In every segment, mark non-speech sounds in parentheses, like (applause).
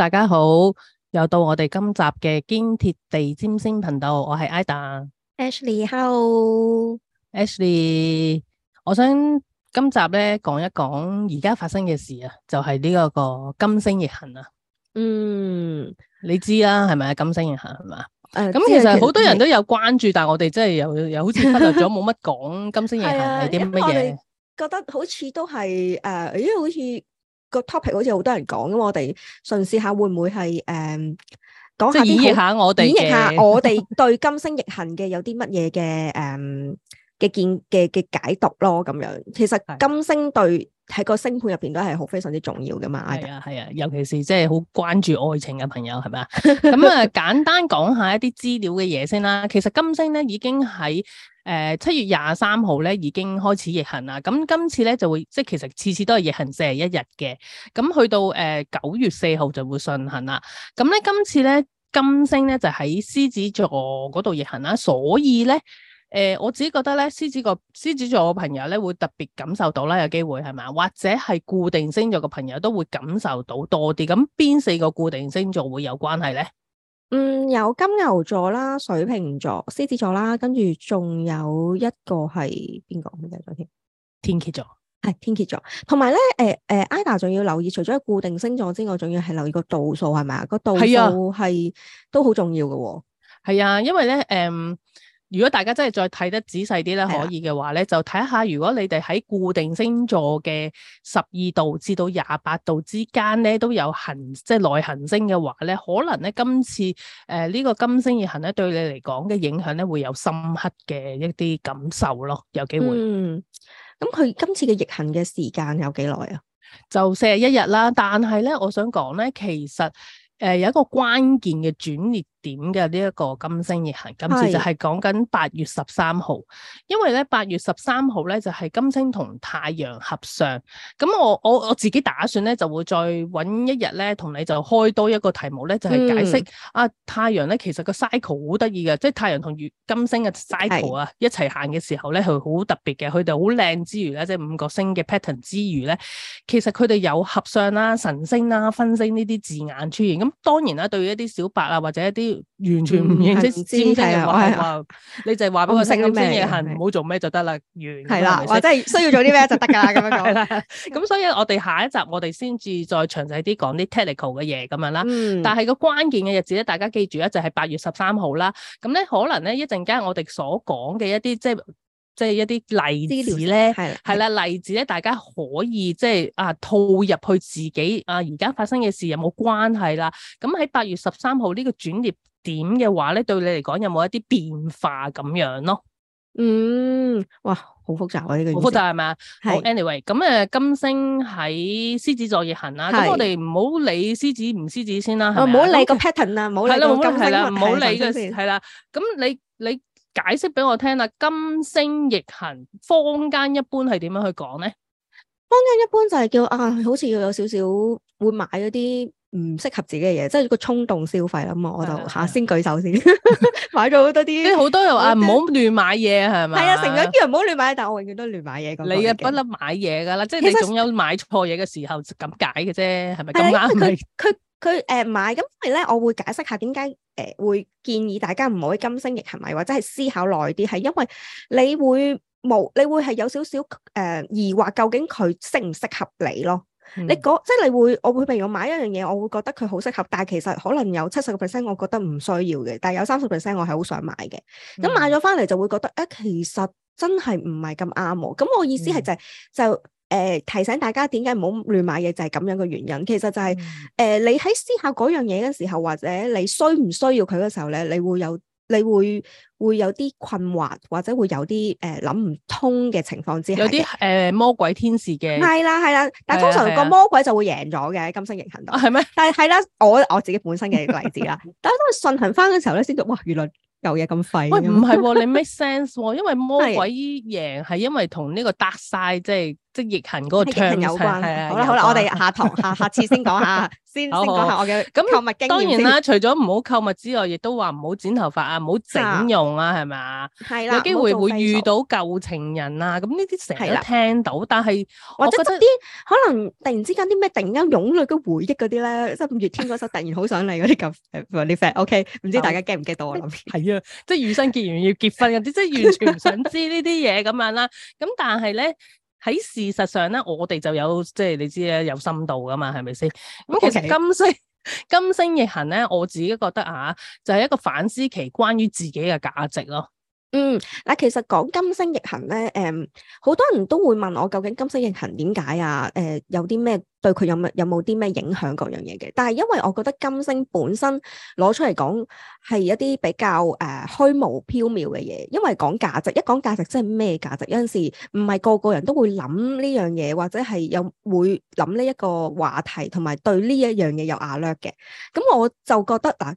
大家好，又到我哋今集嘅堅貼地占星頻道，我係 Ida Ashley，Hello Ashley，我想今集咧講一講而家發生嘅事啊，就係呢一個金星逆行啊。嗯，你知啦、啊，係咪啊？金星逆行係嘛？誒，咁、啊、其實好多人都有關注，啊、關注，但係我哋真係又 (laughs) 又好似忽略咗，冇乜講金星逆行係啲乜嘢？覺得好似都係誒，因、呃哎、好似。個 topic 好似好多人講咁，我哋嘗試下會唔會係誒、嗯、講下演繹下我哋嘅演繹下我哋對金星逆行嘅有啲乜嘢嘅誒嘅見嘅嘅解讀咯咁樣。其實金星對喺是個星盤入邊都係好非常之重要噶嘛。係啊係啊，尤其是即係好關注愛情嘅朋友係咪啊？咁啊、 (laughs) 呃，簡單講下一啲資料嘅嘢，先啦。其實金星咧已經喺。誒，七、呃、月廿三號咧已經開始逆行啦，咁今次咧就會，即係其實次次都係逆行四十一日嘅，咁去到誒、呃、九月四號就會順行啦。咁咧今次咧金星咧就喺、是、獅子座嗰度逆行啦，所以咧誒、呃、我自己覺得咧獅子座、獅子座嘅朋友咧會特別感受到啦，有機會係咪，或者係固定星座嘅朋友都會感受到多啲。咁邊四個固定星座會有關係咧？嗯，有金牛座啦、水瓶座、獅子座啦，跟住仲有一個係邊個？邊個再添？天蠍座，係天蠍座。同埋咧，誒、呃、誒，Ida 仲要留意，除咗固定星座之外，仲要係留意個度數係咪啊？個度數係都好重要嘅、哦。係啊，因為咧，誒、嗯。如果大家真係再睇得仔細啲咧，可以嘅話咧，的就睇下如果你哋喺固定星座嘅十二度至到廿八度之間咧，都有行即係內行星嘅話咧，可能咧今次誒呢、呃這個金星逆行咧對你嚟講嘅影響咧會有深刻嘅一啲感受咯，有機會。嗯，咁佢今次嘅逆行嘅時間有幾耐啊？就四十一日啦。但係咧，我想講咧，其實誒、呃、有一個關鍵嘅轉捩。點嘅呢一個金星逆行，今次就係講緊八月十三號，是因為咧八月十三號咧就係、是、金星同太陽合相，咁我我我自己打算咧就會再揾一日咧同你就開多一個題目咧就係、是、解釋、嗯、啊太陽咧其實個 cycle 好得意嘅，即係太陽同月金星嘅 cycle 啊一齊行嘅時候咧係好特別嘅，佢哋好靚之餘咧即係五角星嘅 pattern 之餘咧，其實佢哋有,是有合相啦、啊、神星啦、啊、分星呢啲字眼出現，咁當然啦對於一啲小白啊或者一啲完全唔認識尖嘅人話：話你就係話俾我識做啲嘢，行唔好做咩就得啦。完係啦，或者係需要做啲咩就得噶啦。咁樣講啦。咁所以，我哋下一集我哋先至再詳細啲講啲 technical 嘅嘢咁樣啦。但係個關鍵嘅日子咧，大家記住，咧就係八月十三號啦。咁咧，可能咧一陣間我哋所講嘅一啲即係。即係一啲例子咧，係啦的的例子咧，大家可以即係啊套入去自己啊而家發生嘅事有冇關係啦？咁喺八月十三號呢個轉捩點嘅話咧，對你嚟講有冇一啲變化咁樣咯？嗯，哇，好複雜啊呢、這個，好複雜係咪啊？Anyway，咁誒金星喺獅子座逆行啦，咁的我哋唔好理獅子唔獅子先啦，係唔好理個 pattern 啊，唔好理個金星唔好理嘅，係啦的，咁你你。的的解釋俾我聽啦，金星逆行，坊間一般係點樣去講咧？坊間一般就係叫啊，好似要有少少會買嗰啲唔適合自己嘅嘢，即係個衝動消費啦。咁啊，我就吓先舉手先，買咗好多啲。即係好多又話唔好亂買嘢啊，係咪？係啊，成日叫人唔好亂買，但我永遠都亂買嘢。咁你啊不甩買嘢噶啦，即係你總有買錯嘢嘅時候就咁解嘅啫，係咪咁啱？佢佢。佢誒、呃、買咁，因為咧，我會解釋下點解誒會建議大家唔好喺金星亦係咪？或者係思考耐啲，係因為你會冇，你會係有少少誒疑惑，呃、究竟佢適唔適合你咯？嗯、你嗰即係你會，我會譬如我買一樣嘢，我會覺得佢好適合，但係其實可能有七十個 percent 我覺得唔需要嘅，但係有三十 percent 我係好想買嘅。咁、嗯、買咗翻嚟就會覺得誒、呃，其實真係唔係咁啱我。咁我意思係就就是。嗯誒、呃，提醒大家點解唔好亂買嘢就係、是、咁樣嘅原因。其實就係、是、誒、呃，你喺思考嗰樣嘢嘅時候，或者你需唔需要佢嘅時候咧，你會有你會會有啲困惑，或者會有啲誒諗唔通嘅情況之下。下。有啲誒魔鬼天使嘅，係啦係啦，但係通常個魔鬼就會贏咗嘅金星逆行度係咩？啊、但係係啦，我我自己本身嘅例子啦， (laughs) 但係都順行翻嘅時候咧，先到哇，原來有嘢咁廢。喂，唔係、啊，你 make sense，因為魔鬼贏係 (laughs) 對因為同呢個搭晒即係。即係逆行嗰個長程有關係啊！好啦好啦，我哋下堂下下次先講下，先先講下我嘅咁購物經驗。當然啦，除咗唔好購物之外，亦都話唔好剪頭髮啊，唔好整容啊，係咪？係啦。有機會會遇到舊情人啊，咁呢啲成日都聽到，但係我覺得啲可能突然之間啲咩突然間湧來嘅回憶嗰啲咧，即係五月天嗰首突然好想嚟嗰啲舊誒嗰 OK？唔知大家 get 唔 get 到我諗？係啊，即係與生結緣要結婚啲，即係完全唔想知呢啲嘢咁樣啦。咁但係咧。喺事實上咧，我哋就有即係你知咧，有深度㗎嘛，係咪先？咁 Okay. 其實金星金星逆行咧，我自己覺得啊，就係、是、一個反思期，關於自己嘅價值咯。嗯，嗱，其實講金星逆行咧，誒、嗯，好多人都會問我究竟金星逆行點解啊？誒、呃，有啲咩對佢有冇有冇啲咩影響各樣嘢嘅？但係因為我覺得金星本身攞出嚟講係一啲比較誒虛、呃、無縹緲嘅嘢，因為講價值，一講價值真係咩價值？有陣時唔係個個人都會諗呢樣嘢，或者係有會諗呢一個話題，同埋對呢一樣嘢有壓力嘅。咁我就覺得嗱。呃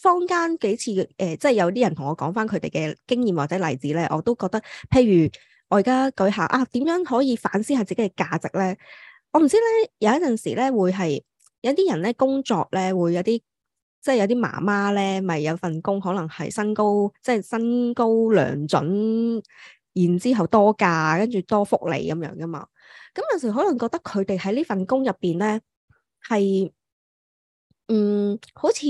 坊間幾次誒，即、呃、係、就是、有啲人同我講返佢哋嘅經驗或者例子咧，我都覺得，譬如我而家舉下啊，點樣可以反思下自己嘅價值咧？我唔知咧，有一陣時咧會係有啲人咧工作咧會有啲，即、就、係、是、有啲媽媽咧，咪、就是、有份工可能係薪高即係、就是、薪高糧準，然之後多假跟住多福利咁樣噶嘛。咁有時可能覺得佢哋喺呢份工入邊咧係，嗯，好似。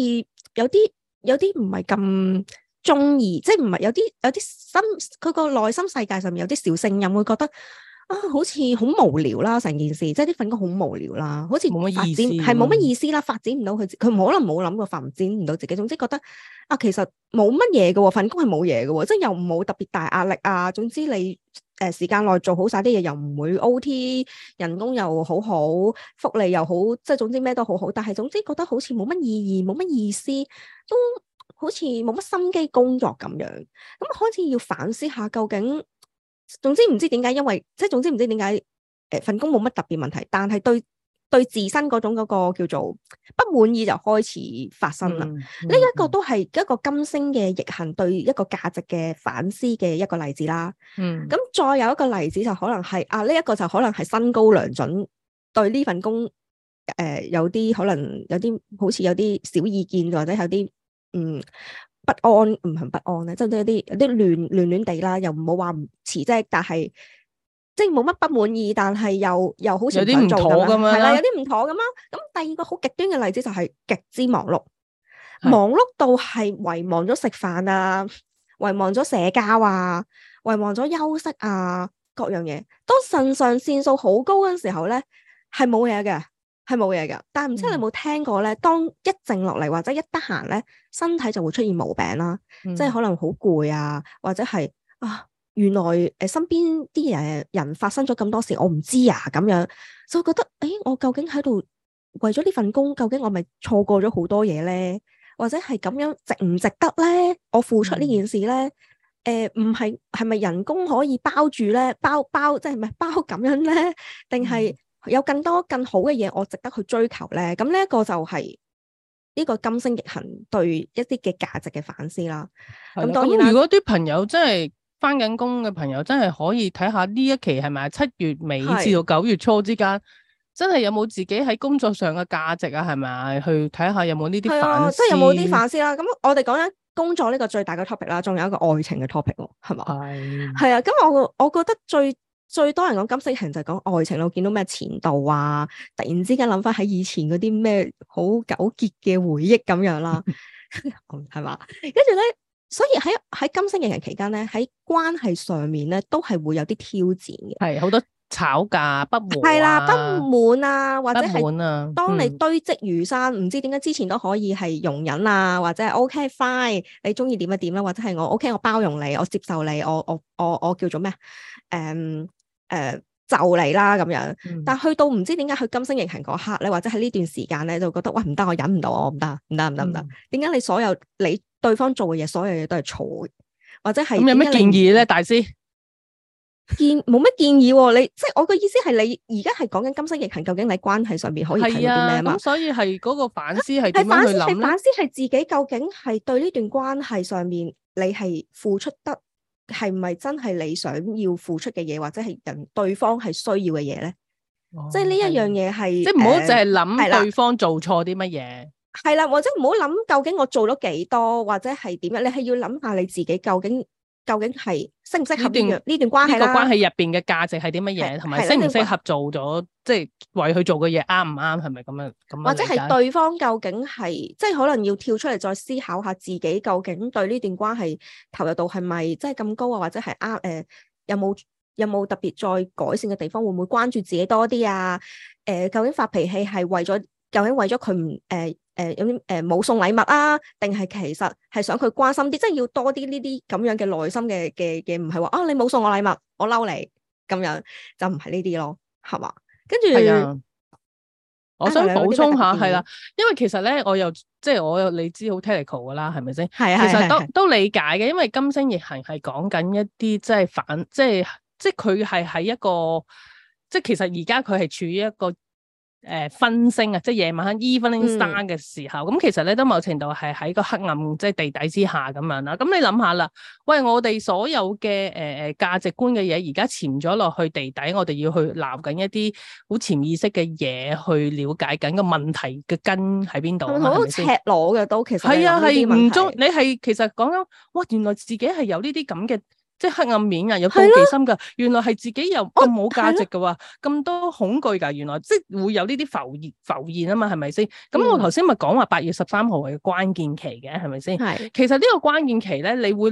有啲有啲唔係咁中意，即係唔係有啲有啲心佢個內心世界上面有啲小聲音會覺得。啊，好似好無聊啦，成件事，即係啲份工好無聊啦，好似冇乜發展，係冇乜意思啦，發展唔到佢，佢可能冇諗過發展唔到自己。總之覺得啊，其實冇乜嘢嘅喎，份工係冇嘢嘅喎，即係又冇特別大壓力啊。總之你誒、呃、時間內做好晒啲嘢，又唔會 OT，人工又好好，福利又好，即係總之咩都好好。但係總之覺得好似冇乜意義，冇乜意思，都好似冇乜心機工作咁樣。咁開始要反思下究竟。總之唔知點解，因為即係總之唔知點解，誒、呃、份工冇乜特別問題，但係對對自身嗰種嗰個叫做不滿意就開始發生啦。呢、嗯嗯、一個都係一個金星嘅逆行對一個價值嘅反思嘅一個例子啦。咁、嗯、再有一個例子就可能係啊，呢、這、一個就可能係薪高糧準，對呢份工誒、呃、有啲可能有啲好似有啲小意見或者有啲嗯。不安唔係不，不安咧，即係有啲有啲亂亂亂地啦，又唔好話唔遲啫，但係即係冇乜不滿意，但係又又好似有啲唔妥咁樣，係啦，有啲唔妥咁咯。咁第二個好極端嘅例子就係極之忙碌，忙碌到係遺忘咗食飯啊，遺忘咗社交啊，遺忘咗休息啊，各樣嘢。當腎上腺素好高嘅時候咧，係冇嘢噶。係冇嘢噶，但係唔知你有冇聽過咧？嗯、當一靜落嚟，或者一得閒咧，身體就會出現毛病啦，嗯、即係可能好攰啊，或者係啊，原來誒、呃、身邊啲誒人發生咗咁多事，我唔知啊，咁樣，就會覺得誒，我究竟喺度為咗呢份工，究竟我咪錯過咗好多嘢咧？或者係咁樣值唔值得咧？我付出呢件事咧，誒唔係係咪人工可以包住咧？包包即係唔係包咁樣咧？定係、嗯？有更多更好嘅嘢，我值得去追求咧。咁呢一個就係呢個金星逆行對一啲嘅價值嘅反思啦。咁的當然啦，如果啲朋友真係返緊工嘅朋友，真係可以睇下呢一期係咪七月尾至到九月初之間，的真係有冇自己喺工作上嘅價值啊？係咪去睇下有冇呢啲反思？即係有冇啲反思啦，啊？咁我哋講緊工作呢個最大嘅 topic 啦，仲有一個愛情嘅 topic 咯，係嘛的？係係啊，咁我我覺得最。最多人講金星逆就係講愛情咯，我見到咩前度啊，突然之間諗返喺以前嗰啲咩好糾結嘅回憶咁樣啦、啊，係嘛？ (laughs) (laughs) 跟住咧，所以喺喺金星逆行期間咧，喺關係上面咧，都係會有啲挑戰嘅。係好多吵架不滿係、啊、啦，不滿啊，或者係當你堆積如山，唔、啊嗯、知點解之前都可以係容忍啊，或者係 O K fine，你中意點啊點啦，或者係我 O、OK, K，我包容你，我接受你，我我我我叫做咩誒？誒、呃，就你啦咁樣，但去到唔知點解去金星逆行嗰刻咧，或者喺呢段時間咧，就覺得哇唔得，我忍唔到，我唔得，唔得，唔得，唔得，點解、嗯、你所有你對方做嘅嘢，所有嘢都係錯，或者係咁、嗯、有咩建議咧，大師？建冇咩建議、啊，你即係我個意思係你而家係講緊金星逆行，究竟你關係上面可以睇啲咩啊嘛？所以係嗰個反思係點去諗咧？反思係自己究竟係對呢段關係上面你係付出得？係唔係真係你想要付出嘅嘢，或者係人對方係需要嘅嘢咧？即係呢一樣嘢係，即係唔好凈係諗對方做錯啲乜嘢。係啦，或者唔好諗究竟我做咗幾多，或者係點樣？你係要諗下你自己究竟。究竟係適唔適合呢段呢段關係啦？呢個關係入邊嘅價值係啲乜嘢？同埋適唔適合做咗，即係為佢做嘅嘢啱唔啱？係咪咁樣？咁樣或者係對方究竟係即係可能要跳出嚟，再思考下自己究竟對呢段關係投入度係咪即係咁高啊？或者係啱？誒、呃，有冇有冇特別再改善嘅地方？會唔會關注自己多啲啊？誒、呃，究竟發脾氣係為咗究竟為咗佢唔誒？呃誒，有啲誒冇送禮物啊？定係其實係想佢關心啲，即係要多啲呢啲咁樣嘅內心嘅嘅嘢，唔係話啊你冇送我禮物，我嬲你咁樣，就唔係呢啲咯，係嘛？跟住，啊、我想補充下，係啦、啊，因為其實咧，我又即係我有你知好 technical 噶啦，係咪先？係啊，其實都、啊啊啊、都，都理解嘅，因為金星逆行係講緊一啲即係反，即係即係佢係喺一個，即係其實而家佢係處於一個。誒、呃，分星啊，即係夜晚黑，evening star 嘅時候，咁、嗯、其實咧都某程度係喺個黑暗，即係地底之下咁樣啦。咁你諗下啦，喂，我哋所有嘅誒誒價值觀嘅嘢，而家潛咗落去地底，我哋要去撈緊一啲好潛意識嘅嘢去了解緊個問題嘅根喺邊度啊？好赤裸嘅都其實係啊，係唔中，你係其實講緊，哇，原來自己係有呢啲咁嘅。即係黑暗面啊，有妒忌心噶，原來係自己又咁冇價值噶喎，咁多恐懼噶，原來即係會有呢啲浮現浮現啊嘛，係咪先？咁我頭先咪講話八月十三號係關鍵期嘅，係咪先？係的其實呢個關鍵期咧，你會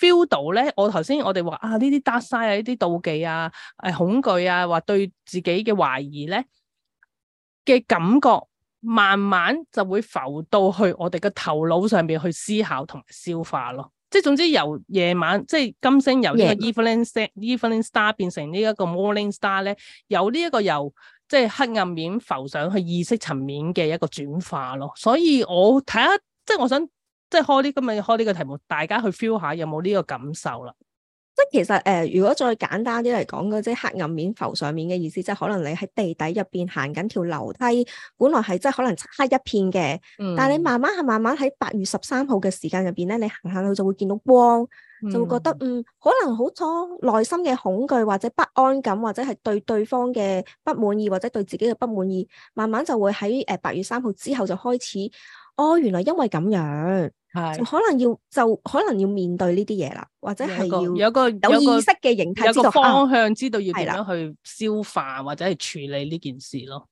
feel 到咧，我頭先我哋話啊，呢啲 dark side 啊，呢啲妒忌啊，誒恐懼啊，話對自己嘅懷疑咧嘅感覺，慢慢就會浮到去我哋嘅頭腦上邊去思考同埋消化咯。即係總之由夜晚，即係金星由呢個 Evening 星 Evening Star 晚變成 Star 呢一個 Morning Star 咧，有呢一個由即係黑暗面浮上去意識層面嘅一個轉化咯。所以我睇下，即係我想，即係開啲今日開呢個題目，大家去 feel 下有冇呢個感受啦。即係其實誒、呃，如果再簡單啲嚟講，即係黑暗面浮上面嘅意思，即係可能你喺地底入邊行緊條樓梯，本來係即係可能漆黑一片嘅，嗯、但係你慢慢係慢慢喺八月十三號嘅時間入邊咧，你行下去就會見到光，嗯、就會覺得嗯，可能好多內心嘅恐懼或者不安感，或者係對對方嘅不滿意，或者對自己嘅不滿意，慢慢就會喺誒八月三號之後就開始，哦，原來因為咁樣。係，可能要就可能要面對呢啲嘢啦，或者係要有個有意識嘅形態，有個，有個方向，知道，啊，要點樣去消化或者係處理呢件事咯。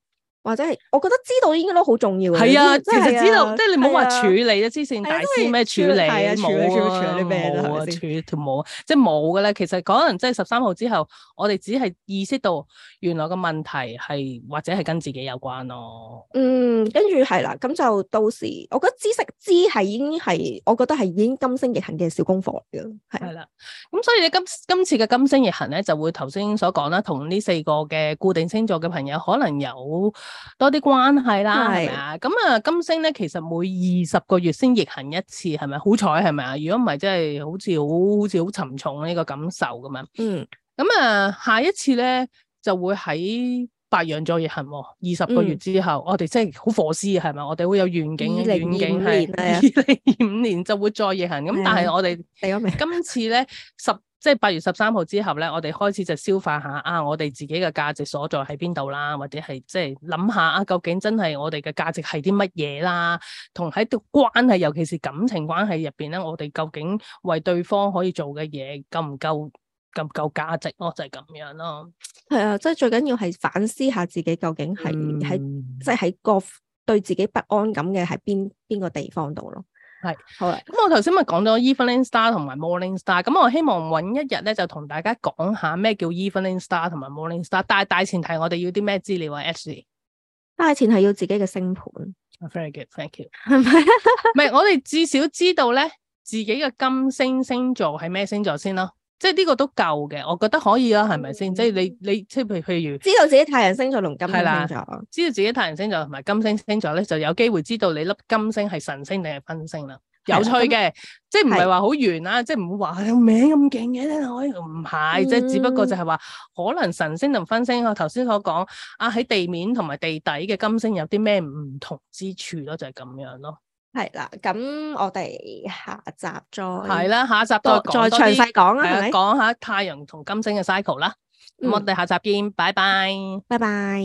或者係，我覺得知道應該都好重要嘅。係啊，其實知道，即係你冇話處理啊，知性大師咩處理冇啊，冇啊，冇啊，即係冇嘅咧。其實可能即係十三號之後，我哋只係意識到原來個問題係或者係跟自己有關咯。嗯，跟住係啦，咁就到時，我覺得知識知係已經係，我覺得係已經金星逆行嘅小功課嚟嘅。係啦，咁所以你今今次嘅金星逆行咧，就會頭先所講啦，同呢四個嘅固定星座嘅朋友可能有，多啲關係啦，係咪是啊？咁啊金星咧，其實每二十個月先逆行一次，係咪？好彩係咪啊？如果唔係，真係好似好好似好沉重呢個感受咁樣。嗯。咁啊，下一次咧就會喺白羊座逆行，哦，二十個月之後，嗯、我哋即係好火絲，係咪？我哋會有遠景，遠年景係二零二五年就會再逆行。咁的但係我哋今次咧十。即係八月十三號之後咧，我哋開始就消化下啊，我哋自己嘅價值所在喺邊度啦，或者係即係諗下啊，究竟真係我哋嘅價值係啲乜嘢啦？同喺度關係，尤其是感情關係入邊咧，我哋究竟為對方可以做嘅嘢夠唔夠咁夠價值咯、啊？就係、是、咁樣咯。係啊，即、就、係、是、最緊要係反思下自己究竟係喺即係喺個對自己不安感嘅喺邊邊個地方度咯。係好啊。咁我頭先咪講咗 Evening Star 同埋 Morning Star，咁我希望揾一日咧就同大家講下咩叫 Evening Star 同埋 Morning Star，但係大前提我哋要啲咩資料啊？S C 大前提要自己嘅星盤。Oh, very good，thank you。唔係，唔係，我哋至少知道咧自己嘅金星星座係咩星座先咯。即係呢個都夠嘅，我覺得可以啦，係咪先？即係你你即係譬如譬如，知道自己太陽星座、同金星星座，知道自己太陽星座同埋金星星座咧，就有機會知道你粒金星係神星定係分星啦。的有趣嘅，金即係唔係話好懸啊，的即係唔會話個名咁勁嘅咧。可以唔係，即係、嗯、只不過就係話可能神星同分星，我頭先所講啊，喺地面同埋地底嘅金星有啲咩唔同之處咯，就係、是、咁樣咯。係啦，咁我哋下集再係啦，下一集再多再詳細講啊，講下太陽同金星嘅 cycle 啦。嗯、咁我哋下集見，拜拜，拜拜。